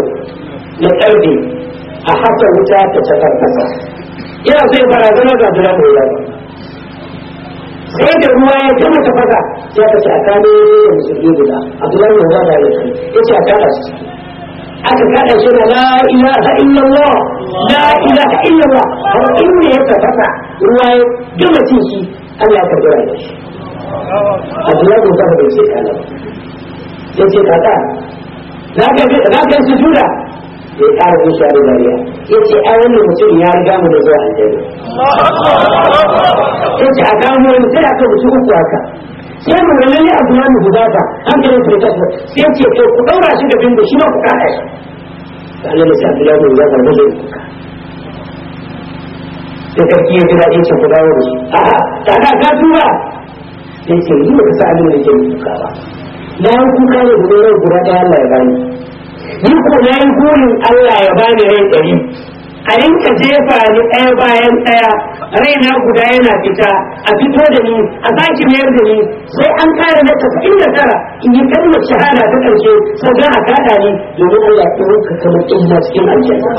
na ƙarfe a haka wuta ta cakar kasa ina so ya barazana ga jira mai yawa sai da ruwa ya gama ta fasa ya ta ce a kano da musulmi guda abdullahi mai wada ya kai ya ce a kada su aka kada shi da la ilaha illallah la ilaha illallah har inda ya ta tafasa ruwa ya gama cin shi an ya karbi rayuwar shi abdullahi mai wada bai ce kana ya ce kaka za ka yi jura ya ƙara zuciya da dariya ya ce ai wannan mutum ya riga mu da zuwa aljanna ya ce a kamo mu sai aka mutu uku haka sai mu ga lalle abu mu guda ta hankalin su ta sai ya ce to ku ɗaura shi da bindu shi ma ku kada shi ta Allah sai Abdullah bin Jafar da zai kuka sai sarki ya jira ya ce ku dawo da shi a ta da ka tura sai ce yi ba ka sa abin da ke kuka ba na yi kuka ne da guda guda ɗaya Allah ya bani ni ko na yi gurin Allah ya bani rai ɗari a rinka jefa ni ɗaya bayan ɗaya raina guda yana fita a fito da ni a baki mayar da ni sai an kare na tasa'in da tara in yi kalmar shahada ta ƙarshe sannan a kaɗa ni domin Allah ya ɗauka kamar ina cikin aljanna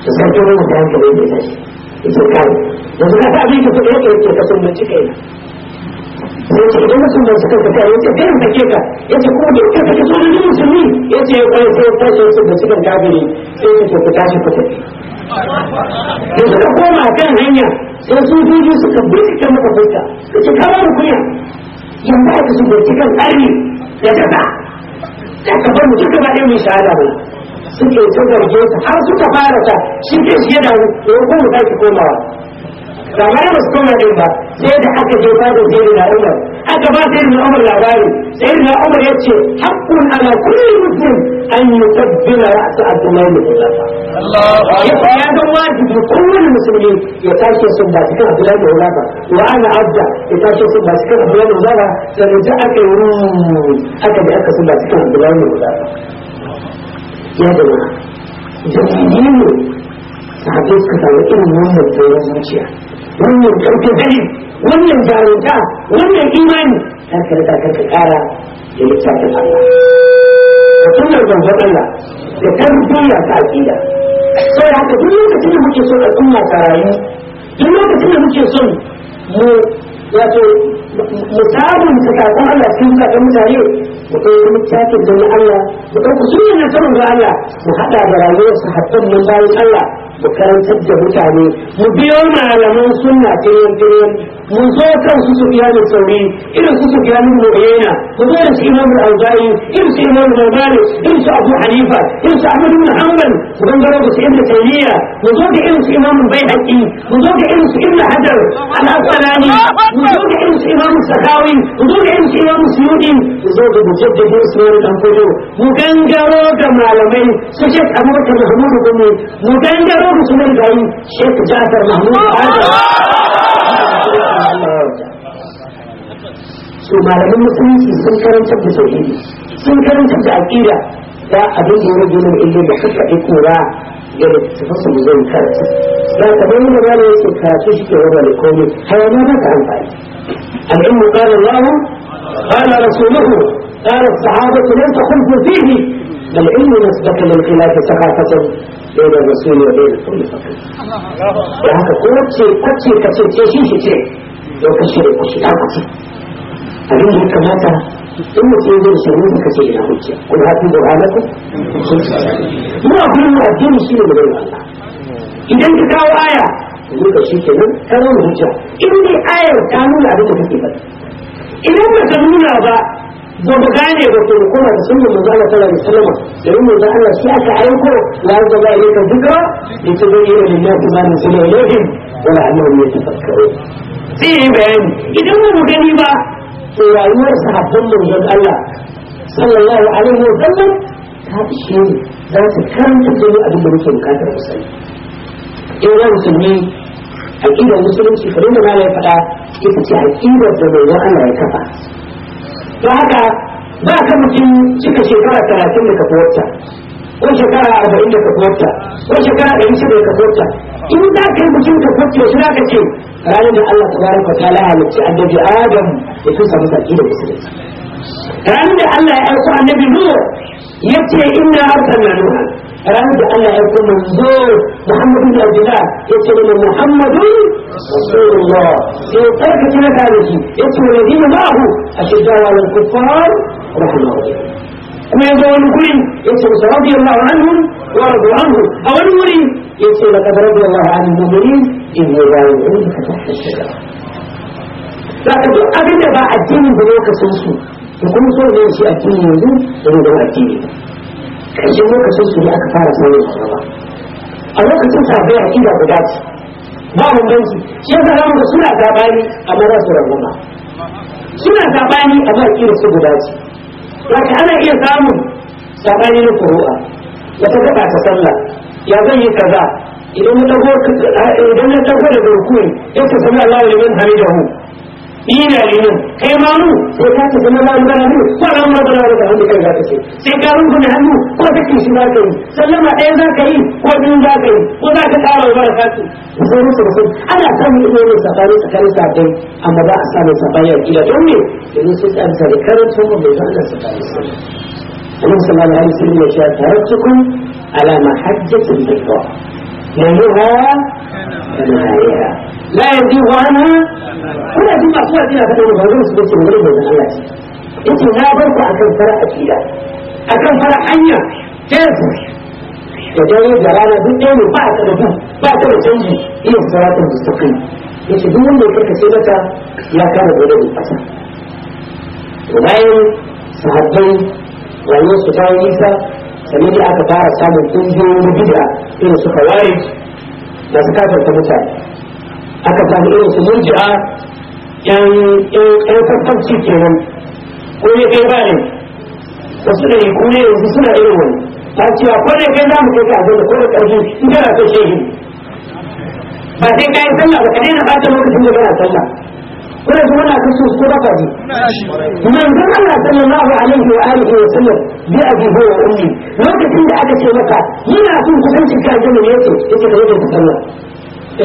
da sarki wani da hankali ne tashi ita kare. yanzu ka ta abin da kuɗi yake yake kasan mace kai na sai ce idan mutum bai suka tafiya ya ce karin sake ka ya ce kuma duk ka sake so da musulmi ya ce ya kwaye sai ya tashi ya da cikin kafiri sai ya ce ku tashi ku tafi da suka koma kan hanya sai sojoji suka bincika maka fuska su ce kawo da kunya su ya cikin bincikan ƙarni da jaza da ka bar mu duka ba ɗaya mai shahada ba suke ta zarge su har suka fara ta shi ke shi yana ko mu sake komawa ba ma ba su koma ba sai da aka je fada zai da umar aka ba sai da umar labari sai da umar ya ce haqqun ala kulli muslim an yuqabbila ra'sa abdullahi Allah ya ga wajibi kowane musulmi ya tashi sun ba cikin abdullahi da hulafa wa ana abda ya tashi sun ba cikin abdullahi da hulafa sai da aka yi aka da aka sun ba cikin abdullahi da hulafa ya da wani jami'i ne sahabai suka samu irin wannan tsoron zuciya wannan ɗauke gani wannan jarunta wannan imani ta ta ka kara da littafin Allah Ka sunan zanzan Allah da tarbiyya ta aƙida Sai da haka duk lokacin da muke son al'umma ta rayu duk lokacin da muke son mu wato mu samun sakakon Allah cikin ta mutane mu ɗauki littafin da Allah mu ɗauki sunan ta sanin Allah mu haɗa da rayuwar sahabban mun bayan Allah وكان تجه تاني وبيوم عالمون سنة تريم تريم منذ كان سسفيان الثوري إلى سسفيان المعينة وغير سيمان الأوزاري إلى سيمان الغربان إلى أبو حنيفة إلى أحمد بن حنبل وكان قالوا بسيم التنمية وزوج إلى سيمان البيهقي وزوج إلى سيمان الحجر الأصلاني وزوج إلى سيمان السخاوي وزوج إلى سيمان السيودي وزوج مجدد سيمان الأنفجو وكان قالوا كمعلمين سجد أبو بكر محمود بن مدنجر sauran musulman gari shek jafar mahmud su malamin musulunci sun karantar da sun karantar da aƙida da abin da ya rage min ilmi da kura da kamar yadda ba da yake karatu shi komai amfani al'ilmu qala Allah qala rasuluhu قال الصحابة لن تخلق فيه بل إن نسبك للخلاف ثقافة بين الرسول وبين كل فقير وهذا كل شيء كل شيء كل شيء شيء شيء شيء لو كل شيء كل شيء كل شيء أبين لك ماذا ثم تريد أن يسمون لك شيء لا بد قل هاتي برهانك ما أبين لك أبين شيء من غير الله إذا أنت تعالى آية يقول ba gane ba ko kuma da sunan manzo Allah sallallahu alaihi wasallam da manzo Allah shi aka aiko la zaba ilayka dhikra litubayyana lin-nasi ma nuzila ilayhim wa la'allahum yatafakkarun sai bayani idan ba mu gani ba to rayuwar sahabban manzon Allah sallallahu alaihi wasallam ta ishe ni za ta karanta da abin da muke bukatar mu sani in ga musulmi aqidar musulunci kamar da na ya faɗa ita ce aqidar da manzon Allah ya kafa don haka ba ka mutum cika shekara talatin da kafuwarta ko shekara arba'in da kafuwarta ko shekara ɗari shida da kafuwarta in za ka yi mutum kafuwarta yaushe za ka ce ranar da Allah ta baraka kwata la a annabi Adam ya samu sarki da musulunci ranar da Allah ya aiko annabi Nuhu ya ce inna arsalna Nuhu رد أن يكون منزول محمد بن عبد الله يتبع محمد رسول الله في ترك مكانه يتبع الذين معه أشجاع على الكفار رحمه الله أما يقول كل يتبع رضي الله عنهم ورضوا عنه أو المري يتبع لقد رضي الله عن المؤمنين إن يبايعونك تحت الشجرة لكن أبدا بعد الدين بلوك سنسو يكون سوى من شيء الدين يزيد ويدوى الدين ƙarshen lokacin su ne aka fara sauyin shugaba a lokacin sabai a inda guda ce ba bambanci shi yasa zamu ga suna sabani a za su ranguma suna a amma kira su guda ce wata ana iya samun sabani na kuru'a wata gaba ta sallah ya zan yi kaza idan na tago da garkuwa ya ce sallallahu da hu. ina ne kai ma mu sai ka tafi na bayan gana mu ko ran ma gana da hannu kai za ka sai ka rungu na hannu ko da kishi za ka yi sallama ɗaya za ka yi ko biyu za ka yi ko za ka ƙara wa baraka su sai musu da sun ana samun ilimin sabani tsakanin sabai amma ba a samun sabani a kila don ne karanta mai zuwa nan sabani sun ya ce tarattukum ala mahajjatin bid'a yanzuwa la yanzu wana kuna jin masu wajen a fadar ba zai su dace wani mai zan Allah ce yace na bar ku akan fara akida akan fara hanya tezu da dare da rana duk ɗaya ne ba a tsada bu ba a tsada canji iya saratun da suka yi yace duk wanda ya karkace mata nisa sannan da aka fara samun ƙungiyoyin gida irin su da suka kafarta mutane aka samu irin su murji'a yan yan kakkanci kenan ko ne kai ba ne su da ku ne yanzu suna irin wani ta cewa ko ne kai za mu kai ka zo da ko da ƙarfi in kana so shehi ba sai kayan sallah ba ka daina ta lokacin da kana sallah kuna ji muna kasu ko ba ji manzon Allah sallallahu alaihi wa alihi wa sallam bi abihu wa ummi lokacin da aka ce maka yana son kusancin ka ga mai yace yace ka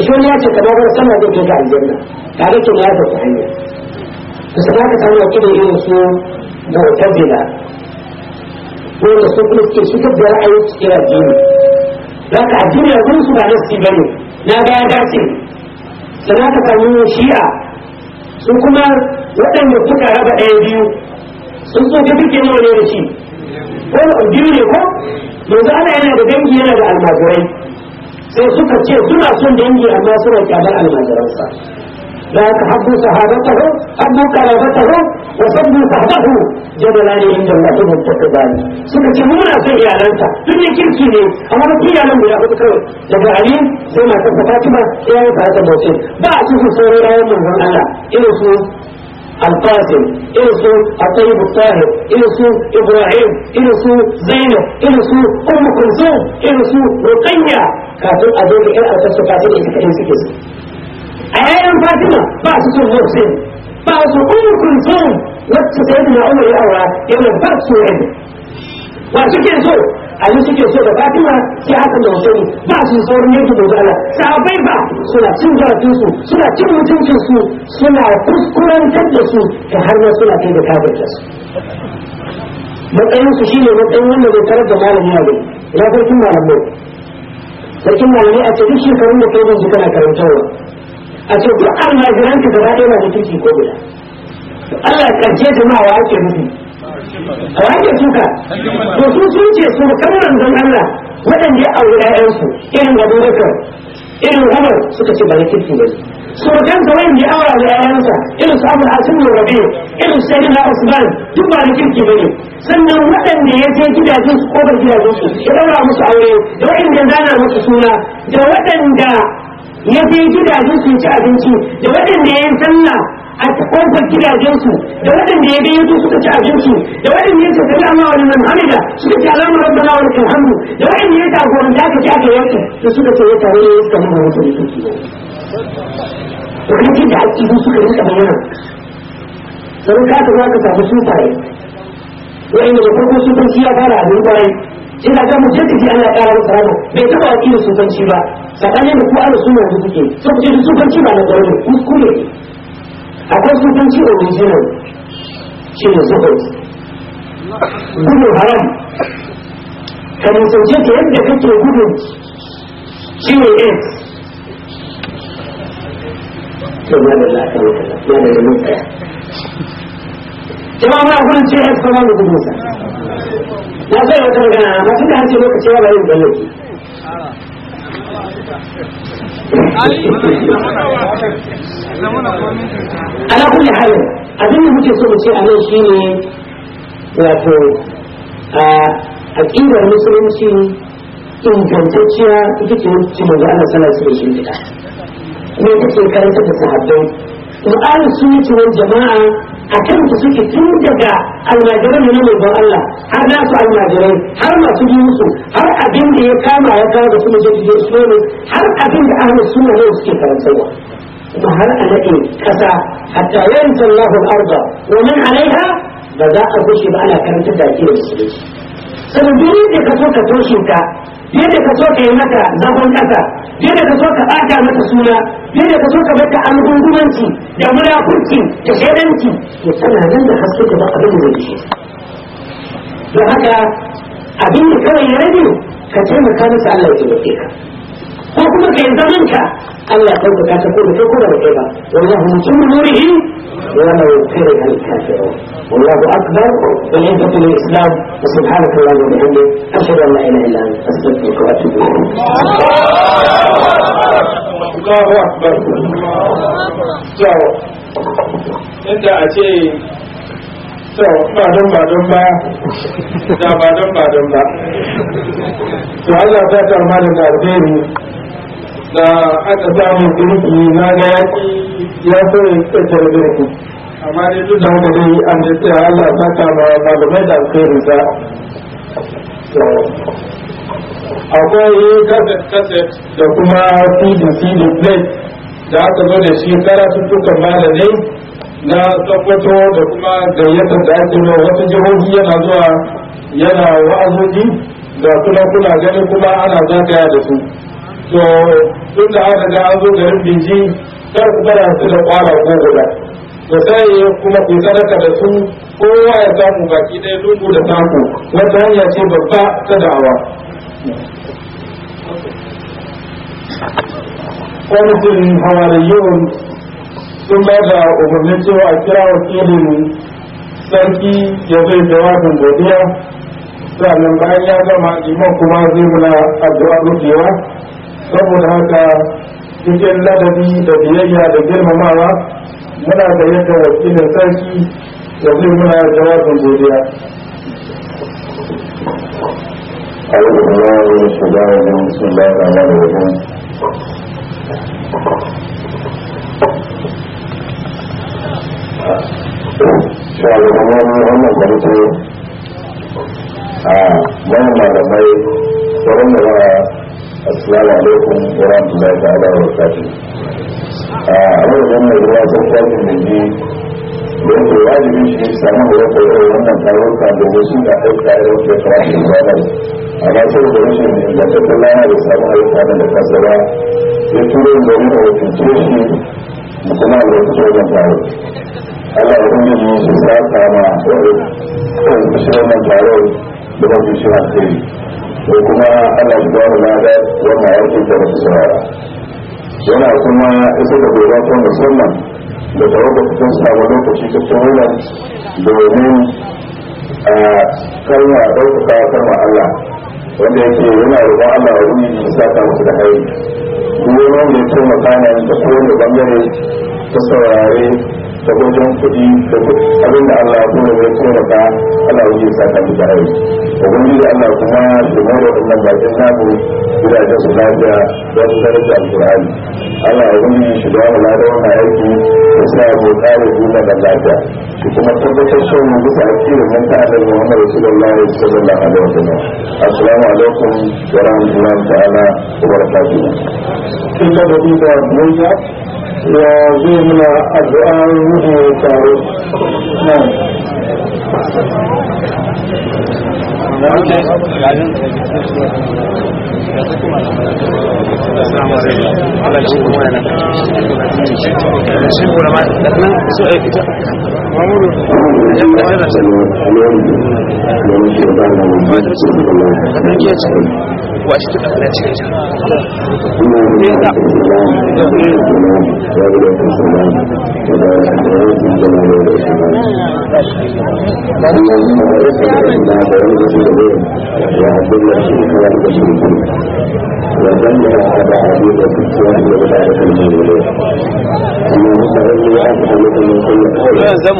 yace sallah da shi ya ce ka dawo sallah da ke ga aljanna ka ga ke ya ta hanya to sai ka samu kida irin su da tabila ko da su kuma ke shi da ra'ayi cikin addini za ka addini yanzu su ba nasi bane na ga ya dace sannan ka samu shi'a su kuma waɗanda suka raba ɗaya biyu sun tsofi suke nawa ne da shi ko biyu ne ko yanzu ana yana da dangi yana da almajirai sai suka ce suna son dangi amma suna kyamar almajiransa لا تحبوا صحابته أنه قرابته وسموا فهده جبلان عند الله متقبان سكت مونا سيئة أنت دنيا كيركي لي أما بكي أعلم يا أبو بكر لك عليم زي ما كنت فاطمة يا أبو هذا موسيقى بعد سوف سوري رأي من الله إرسو القاسم إرسو الطيب الطاهر إرسو إبراهيم إرسو زينة إرسو أم كلثوم إرسو رقية كاتب أدوني إرأة سكاتب إتكالي سكيسي a 'ya'yan fatima ba su son hussein ba su umar kulsum wacce sai da umar ya aura yana ba su wani wa suke so ali suke so da fatima sai haka da hussein ba su saurin yadda da zala sabai ba suna cin zarafin su suna cin mutuncin su suna kuskurantar da su ta har ma suna kai da kafirta su matsayin su shine matsayin wanda zai tarar da malami ne ya farkin malamai sarkin malamai a cikin shekarun da kai yi ji kana karantarwa a ce duk almajiranka gaba ɗaya ba da kirki ko guda Allah ya karje jama'a wa wace nufi a wake suka to su sun ce su manzon Allah waɗanda ya aure ƴaƴansu irin Abu Bakar irin Umar suka ce ba da kirki ba su kan da wanda ya aure ƴaƴansa irin su Abu Hasan da Rabi irin na Usman duk ba da kirki bane sannan waɗanda ya je gidajen su ko ba gidajen su ya daura musu aure da waɗanda zana musu suna da waɗanda ya je gidajen su ci abinci da waɗanda ya yi sallah a kofar gidajen su da waɗanda ya gayyato suka ci abinci da waɗanda ya tafi amma wani nan hamida suka ci alama rabba wa lakal hannu da waɗanda ya jagoranta aka ci aka yanka da suka ce ya tare ya suka nuna wata da suke wani da aƙidu suka rika bayyana sai ka ta za ka samu sufaye wa'inda da farko sufanci ya fara abin kwarai ina ga mujaddidi ana ƙara masa rano bai taba yi aƙida sufanci ba tsakanin da ku ana sunan da kuke sai ku ce sufanci ba na ku kuskure akwai sufanci original shi ne sufanci gudun haram ka nisance ta yadda kake gudu shi ne aids to ma da lafiya ya da mun imam ba gudun ce ya fama da gudun sa na zai wata magana amma tun da har lokaci ya bayan da lokaci ala kulli hal abin da muke so mu ce a nan ne. wato a aqidar musulunci ingantacciya ita ce wacce manzo Allah sallallahu alaihi wasallam ya fita ne take karanta da sahabbai kuma ahlus sunnah jama'a a kan su suke tun daga almajirai da na manzon Allah har su almajirai har masu biyu musu har abin da ya kama ya kawo da su mace da su ne har abin da ahlus sunna ne suke karantarwa kuma har a nade kasa hatta yanta Allahu al-arda wa man alaiha ba za a gushe ba ana karantar da ake su da ka so ka toshe ta yadda ka so ka yi mata zagon kasa yadda ka so ka bata mata suna yadda ka so ka bata alhungumanci, da munafurci da shaidanci to tana nan da haske da ba abin da don haka abin da kawai ya rage ka taimaka masa Allah ya taimake ka ko kuma ka yi zamanka Allah ta buka ta ko da kai ko da kai ba wannan hutun nurihi ya na yake da kafiro wallahu akbar wa la ilaha illa islam wa subhanaka wa bihamdika ashhadu an la ilaha illa anta astaghfiruka wa atubu ilaik Allahu akbar Allahu akbar inda a to ba don ba don ba da ba don ba don ba to Allah ta ta da alheri da aka samu girki na ga yaki ya fara tsakar girki amma dai duk da haka dai an ji tsaya Allah ta da malamai da alheri sa akwai kaset da kuma cd cd plate da aka zo da shi karatuttukan malamai na sokoto da kuma da gayyatar da ake nuna wata jihohi yana zuwa yana wa'azoji da kuma kuna gani kuma ana zagaya da su to tun da aka ga an zo garin binji kar ku bara su da kwara ko guda to sai kuma ku sadaka da su kowa ya samu baki ɗaya lungu da taku wata hanya ce babba ta da'awa kwamitin hawariyun sun ba da umarni cewa a kira wakilin sarki ya zai jawabin godiya sannan bayan ya gama iman kuma zai muna addu'a rufewa saboda haka cikin ladabi da biyayya da girmamawa muna da yadda wakilin sarki ya zai muna jawabin godiya أعوذ ya من الشيطان الرجيم بسم الله الرحمن الرحيم cewa kamar wannan farko a wani malamai tsoron da ba assalamu alaikum wa rahmatullahi ta'ala wa barakatuh a abin da mai ruwa sun kwalli da ji da yake wajibin shi samun da yake yau wannan tarurruka domin su da aika yau ke farashin zanen amma sai da rashin ingantattun lana da samun aika da kasa ba sai turai da wani wakilce shi kuma da wasu wajen tarurruka Allah ya kuma yin su sata ma kan kashe wannan taron da ba su shi hankali Ko kuma Allah ya ba mu lada wannan aikin da su saurara yana kuma isa da gora ta musamman da tare da fitin samun lokaci ta tsohon domin a kalma ɗaukaka kalma Allah wanda yake yana roƙon Allah ya wuni sa sata musu da hari duk wanda ya taimaka nan da kowane bangare ta saurare da kudin kuɗi da abin da Allah ya kuma ya taimaka ubangiji ya saka mu da ubangiji Allah kuma da mai wannan bakin namu gidajen su lafiya don daraja alqur'ani Allah ubangiji shi da wala da wannan aiki ya sa mu kare da lafiya shi kuma tabbatar sun mu bisa akirin mun ta da Muhammad sallallahu alaihi wasallam assalamu alaikum wa rahmatullahi ta'ala wa barakatuh kin da da mun ya zo muna addu'a mu tare na'am Assalamu alaikum. zamu